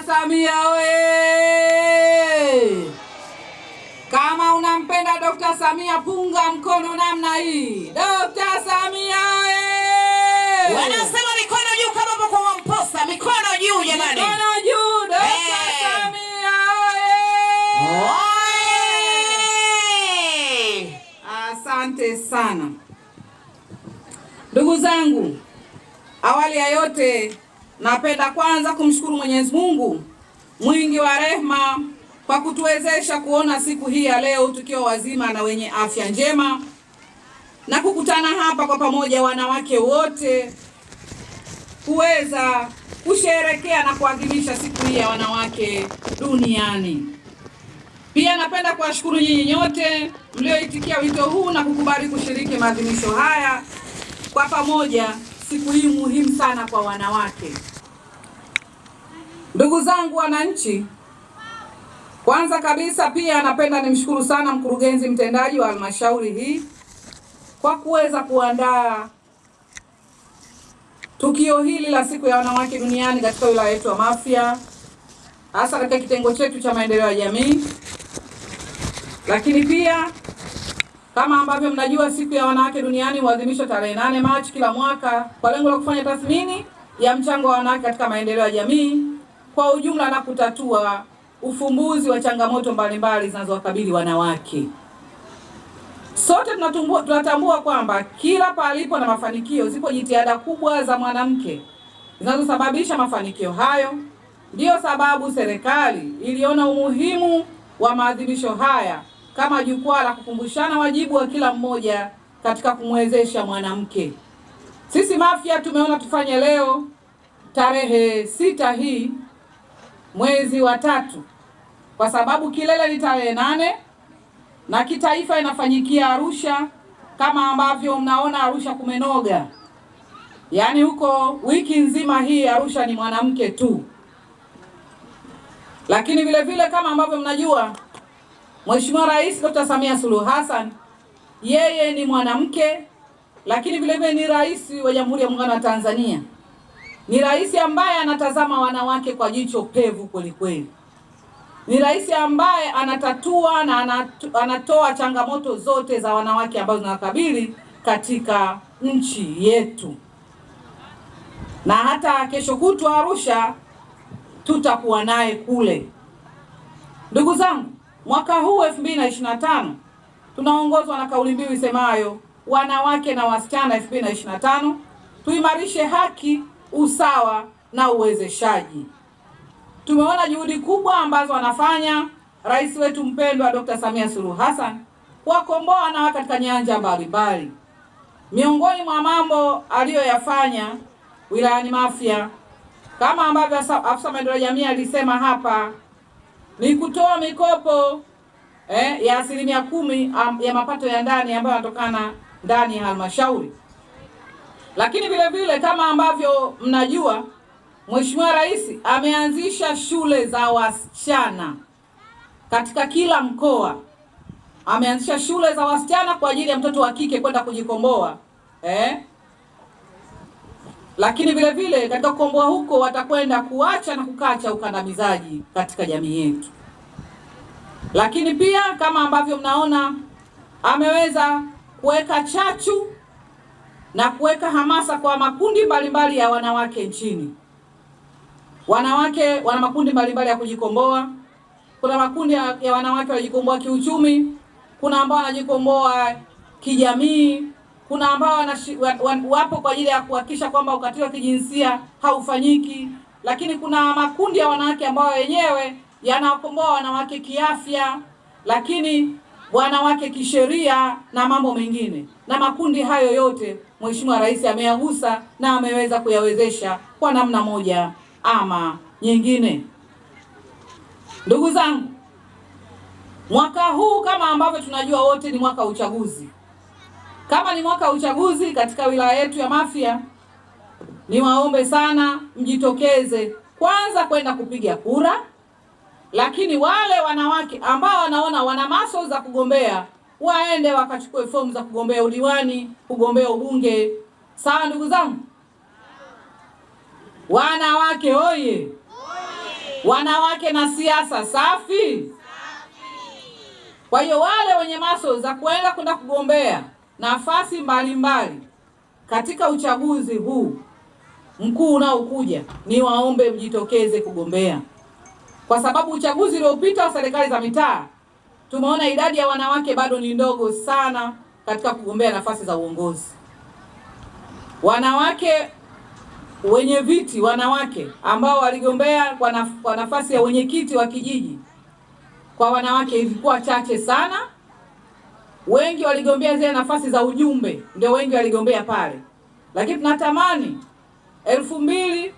Samia oye! Kama unampenda Dr. Samia punga mkono namna hii. Dr. Samia oye! Wanasema mikono juu kama mko wa mposa, mikono juu jamani. Mikono juu Dr. Eh. Samia oye! Oye! Asante sana. Ndugu zangu, awali ya yote Napenda kwanza kumshukuru Mwenyezi Mungu mwingi wa rehema kwa kutuwezesha kuona siku hii ya leo tukiwa wazima na wenye afya njema na kukutana hapa kwa pamoja wanawake wote kuweza kusherekea na kuadhimisha siku hii ya wanawake duniani. Pia napenda kuwashukuru nyinyi nyote mlioitikia wito huu na kukubali kushiriki maadhimisho haya kwa pamoja siku hii muhimu sana kwa wanawake. Ndugu zangu wananchi, kwanza kabisa pia napenda nimshukuru sana mkurugenzi mtendaji wa halmashauri hii kwa kuweza kuandaa tukio hili la siku ya wanawake duniani katika wilaya yetu ya Mafia, hasa katika kitengo chetu cha maendeleo ya jamii, lakini pia kama ambavyo mnajua, siku ya wanawake duniani huadhimishwa tarehe 8 Machi kila mwaka kwa lengo la kufanya tathmini ya mchango wa wanawake katika maendeleo ya jamii kwa ujumla na kutatua ufumbuzi wa changamoto mbalimbali zinazowakabili wanawake. Sote tunatambua, tunatambua kwamba kila palipo na mafanikio zipo jitihada kubwa za mwanamke zinazosababisha mafanikio hayo. Ndiyo sababu serikali iliona umuhimu wa maadhimisho haya kama jukwaa la kukumbushana wajibu wa kila mmoja katika kumwezesha mwanamke. Sisi Mafia tumeona tufanye leo tarehe sita hii mwezi wa tatu, kwa sababu kilele ni tarehe nane na kitaifa inafanyikia Arusha. Kama ambavyo mnaona Arusha kumenoga, yaani huko wiki nzima hii Arusha ni mwanamke tu, lakini vile vile kama ambavyo mnajua Mheshimiwa Rais Dr. Samia Suluhu Hassan yeye ni mwanamke lakini vilevile ni rais wa Jamhuri ya Muungano wa Tanzania. Ni rais ambaye anatazama wanawake kwa jicho pevu kwelikweli. Ni rais ambaye anatatua na anatoa changamoto zote za wanawake ambazo zinawakabili katika nchi yetu, na hata kesho kutwa Arusha tutakuwa naye kule. Ndugu zangu, Mwaka huu 2025 tunaongozwa na kauli mbiu isemayo wanawake na wasichana 2025, tuimarishe haki, usawa na uwezeshaji. Tumeona juhudi kubwa ambazo wanafanya rais wetu mpendwa Dr. Samia Suluhu Hassan kuwakomboa wanawake katika nyanja mbalimbali. Miongoni mwa mambo aliyoyafanya wilayani Mafia, kama ambavyo afisa maendeleo ya jamii alisema hapa ni kutoa mikopo eh, ya asilimia kumi ya mapato ya ndani ambayo yanatokana ndani ya halmashauri. Lakini vile vile kama ambavyo mnajua, Mheshimiwa Rais ameanzisha shule za wasichana katika kila mkoa. Ameanzisha shule za wasichana kwa ajili ya mtoto wa kike kwenda kujikomboa eh lakini vile vile katika kukomboa huko watakwenda kuacha na kukacha ukandamizaji katika jamii yetu. Lakini pia kama ambavyo mnaona, ameweza kuweka chachu na kuweka hamasa kwa makundi mbalimbali ya wanawake nchini. Wanawake wana makundi mbalimbali ya kujikomboa. Kuna makundi ya, ya wanawake wanajikomboa kiuchumi, kuna ambao wanajikomboa kijamii kuna ambao wapo kwa ajili ya kuhakikisha kwamba ukatili wa kijinsia haufanyiki, lakini kuna makundi ya wanawake ambao wenyewe yanawakomboa wanawake kiafya, lakini wanawake kisheria na mambo mengine. Na makundi hayo yote Mheshimiwa Rais ameyagusa na ameweza kuyawezesha kwa namna moja ama nyingine. Ndugu zangu, mwaka huu kama ambavyo tunajua wote ni mwaka wa uchaguzi. Kama ni mwaka wa uchaguzi katika wilaya yetu ya Mafia, niwaombe sana mjitokeze kwanza kwenda kupiga kura, lakini wale wanawake ambao wanaona wana maso za kugombea waende wakachukue fomu za kugombea udiwani, kugombea ubunge. Sawa ndugu zangu, wanawake oye! Wanawake na siasa safi. Kwa hiyo wale wenye maso za kuenda kwenda kugombea nafasi mbalimbali katika uchaguzi huu mkuu unaokuja, ni waombe mjitokeze kugombea, kwa sababu uchaguzi uliopita wa serikali za mitaa tumeona idadi ya wanawake bado ni ndogo sana katika kugombea nafasi za uongozi. Wanawake wenye viti, wanawake ambao waligombea kwa nafasi ya wenyekiti wa kijiji, kwa wanawake ilikuwa chache sana wengi waligombea zile nafasi za ujumbe, ndio wengi waligombea pale, lakini tunatamani elfu mbili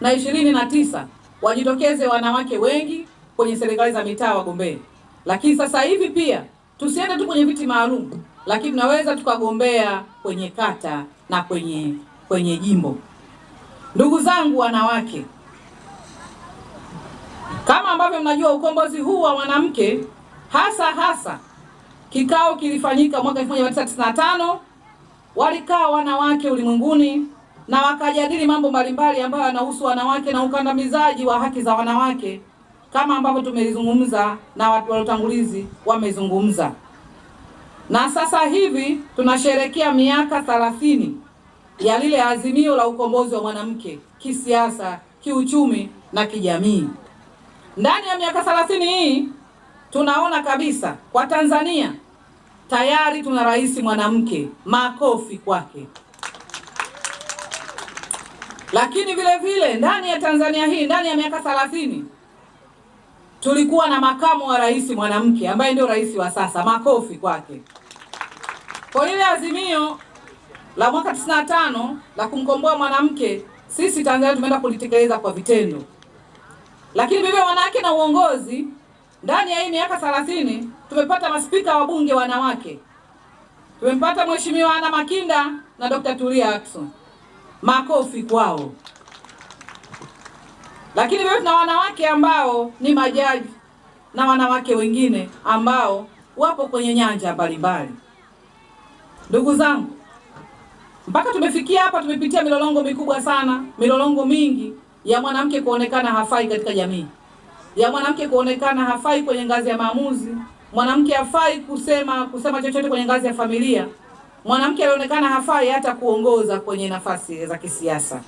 na ishirini na tisa wajitokeze wanawake wengi kwenye serikali za mitaa wagombee. Lakini sasa hivi pia tusiende tu kwenye viti maalum, lakini tunaweza tukagombea kwenye kata na kwenye kwenye jimbo. Ndugu zangu wanawake, kama ambavyo mnajua ukombozi huu wa mwanamke hasa hasa Kikao kilifanyika mwaka 1995 walikaa wanawake ulimwenguni na wakajadili mambo mbalimbali ambayo yanahusu wanawake na ukandamizaji wa haki za wanawake kama ambavyo tumelizungumza na watu walotangulizi wamezungumza. Na sasa hivi tunasherekea miaka 30 ya lile azimio la ukombozi wa mwanamke kisiasa, kiuchumi na kijamii. Ndani ya miaka 30 hii tunaona kabisa kwa Tanzania tayari tuna rais mwanamke, makofi kwake. Lakini vile vile ndani ya Tanzania hii ndani ya miaka 30 tulikuwa na makamu wa rais mwanamke ambaye ndio rais wa sasa, makofi kwake. Kwa ile azimio la mwaka 95 la kumkomboa mwanamke, sisi Tanzania tumeenda kulitekeleza kwa vitendo. Lakini Biblia wanawake na uongozi ndani ya hii miaka 30 tumepata maspika wa bunge wanawake. Tumempata Mheshimiwa Ana Makinda na Dr. Tulia Ackson. Makofi kwao. Lakini vile tuna wanawake ambao ni majaji na wanawake wengine ambao wapo kwenye nyanja mbalimbali. Ndugu zangu, mpaka tumefikia hapa, tumepitia milolongo mikubwa sana, milolongo mingi ya mwanamke kuonekana hafai katika jamii ya mwanamke kuonekana hafai kwenye ngazi ya maamuzi, mwanamke hafai kusema kusema chochote kwenye ngazi ya familia, mwanamke alionekana hafai hata kuongoza kwenye nafasi za kisiasa.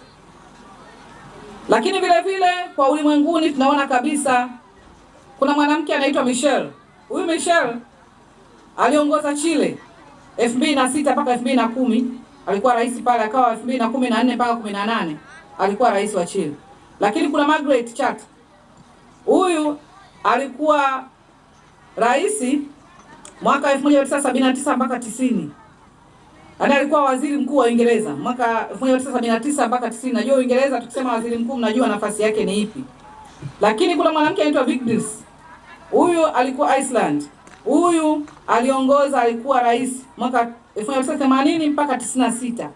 Lakini vile vile kwa ulimwenguni tunaona kabisa kuna mwanamke anaitwa Michelle. Huyu Michelle aliongoza Chile 2006 mpaka 2010, alikuwa rais pale, akawa 2014 mpaka 18 alikuwa rais wa Chile. Lakini kuna Margaret Chat Huyu alikuwa rais mwaka 1979 mpaka 90. Yaani alikuwa waziri mkuu wa Uingereza mwaka 1979 mpaka 90. Najua Uingereza tukisema waziri mkuu mnajua nafasi yake ni ipi. Lakini kuna mwanamke anaitwa Vigdis. Huyu alikuwa Iceland. Huyu aliongoza alikuwa rais mwaka 1980 mpaka 96.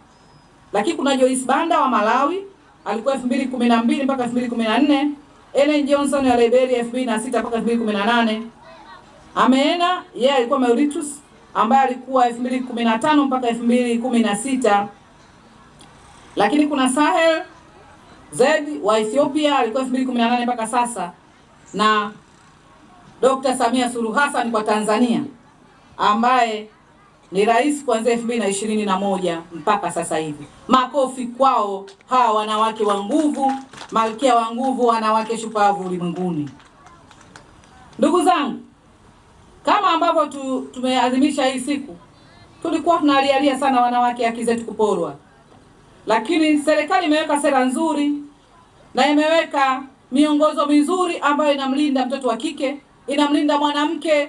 Lakini kuna Joyce Banda wa Malawi alikuwa 2012 mpaka 2014. Ellen Johnson ya Liberia sita mpaka 2018. Ameena yeye yeah, alikuwa Mauritius ambaye alikuwa 2015 mpaka 2016. Lakini kuna Sahel z wa Ethiopia alikuwa 2018 mpaka sasa na Dr. Samia Suluhu Hassan kwa Tanzania ambaye ni rais kuanzia elfu mbili na ishirini na moja mpaka sasa hivi. Makofi kwao hawa wanawake wa nguvu, malkia wa nguvu, wanawake shupavu ulimwenguni. Ndugu zangu, kama ambavyo tu, tumeadhimisha hii siku, tulikuwa tunalialia sana wanawake haki zetu kuporwa, lakini serikali imeweka sera nzuri na imeweka miongozo mizuri ambayo inamlinda mtoto wa kike, inamlinda mwanamke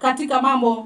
katika mambo